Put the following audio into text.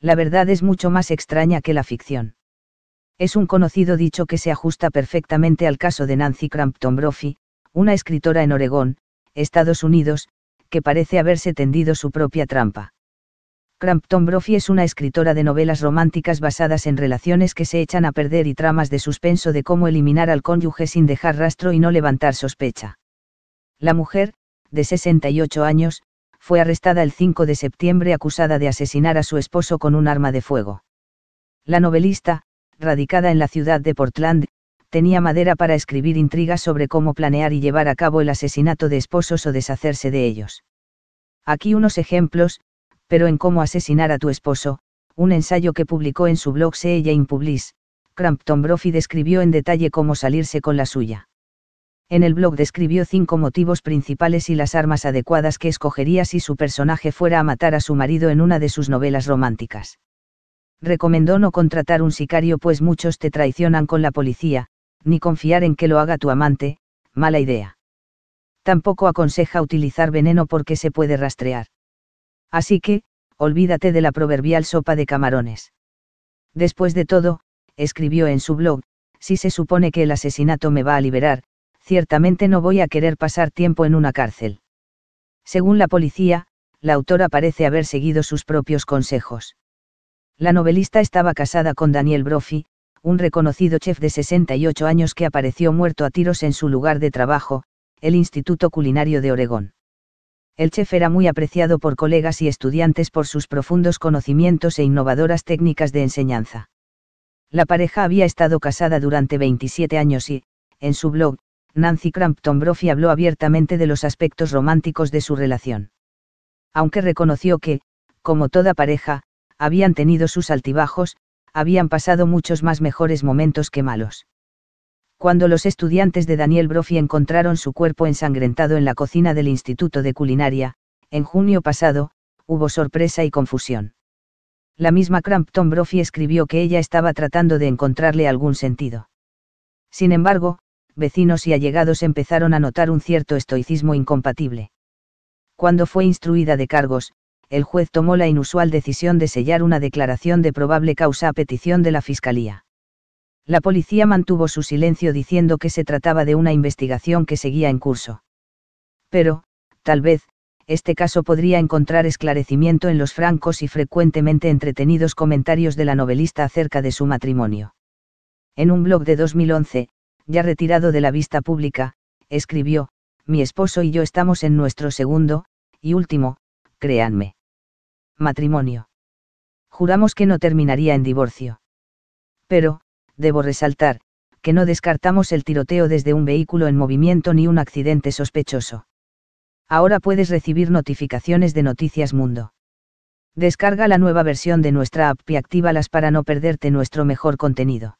la verdad es mucho más extraña que la ficción. Es un conocido dicho que se ajusta perfectamente al caso de Nancy Crampton Brophy, una escritora en Oregón, Estados Unidos, que parece haberse tendido su propia trampa. Crampton Brophy es una escritora de novelas románticas basadas en relaciones que se echan a perder y tramas de suspenso de cómo eliminar al cónyuge sin dejar rastro y no levantar sospecha. La mujer, de 68 años, fue arrestada el 5 de septiembre acusada de asesinar a su esposo con un arma de fuego. La novelista, radicada en la ciudad de Portland, tenía madera para escribir intrigas sobre cómo planear y llevar a cabo el asesinato de esposos o deshacerse de ellos. Aquí unos ejemplos, pero en cómo asesinar a tu esposo, un ensayo que publicó en su blog ella Publis, Crampton Brophy describió en detalle cómo salirse con la suya en el blog describió cinco motivos principales y las armas adecuadas que escogería si su personaje fuera a matar a su marido en una de sus novelas románticas. Recomendó no contratar un sicario pues muchos te traicionan con la policía, ni confiar en que lo haga tu amante, mala idea. Tampoco aconseja utilizar veneno porque se puede rastrear. Así que, olvídate de la proverbial sopa de camarones. Después de todo, escribió en su blog, si se supone que el asesinato me va a liberar, ciertamente no voy a querer pasar tiempo en una cárcel. Según la policía, la autora parece haber seguido sus propios consejos. La novelista estaba casada con Daniel Brophy, un reconocido chef de 68 años que apareció muerto a tiros en su lugar de trabajo, el Instituto Culinario de Oregón. El chef era muy apreciado por colegas y estudiantes por sus profundos conocimientos e innovadoras técnicas de enseñanza. La pareja había estado casada durante 27 años y, en su blog, Nancy Crampton Brophy habló abiertamente de los aspectos románticos de su relación. Aunque reconoció que, como toda pareja, habían tenido sus altibajos, habían pasado muchos más mejores momentos que malos. Cuando los estudiantes de Daniel Brophy encontraron su cuerpo ensangrentado en la cocina del Instituto de Culinaria, en junio pasado, hubo sorpresa y confusión. La misma Crampton Brophy escribió que ella estaba tratando de encontrarle algún sentido. Sin embargo, vecinos y allegados empezaron a notar un cierto estoicismo incompatible. Cuando fue instruida de cargos, el juez tomó la inusual decisión de sellar una declaración de probable causa a petición de la Fiscalía. La policía mantuvo su silencio diciendo que se trataba de una investigación que seguía en curso. Pero, tal vez, este caso podría encontrar esclarecimiento en los francos y frecuentemente entretenidos comentarios de la novelista acerca de su matrimonio. En un blog de 2011, ya retirado de la vista pública, escribió, mi esposo y yo estamos en nuestro segundo, y último, créanme. Matrimonio. Juramos que no terminaría en divorcio. Pero, debo resaltar, que no descartamos el tiroteo desde un vehículo en movimiento ni un accidente sospechoso. Ahora puedes recibir notificaciones de Noticias Mundo. Descarga la nueva versión de nuestra app y las para no perderte nuestro mejor contenido.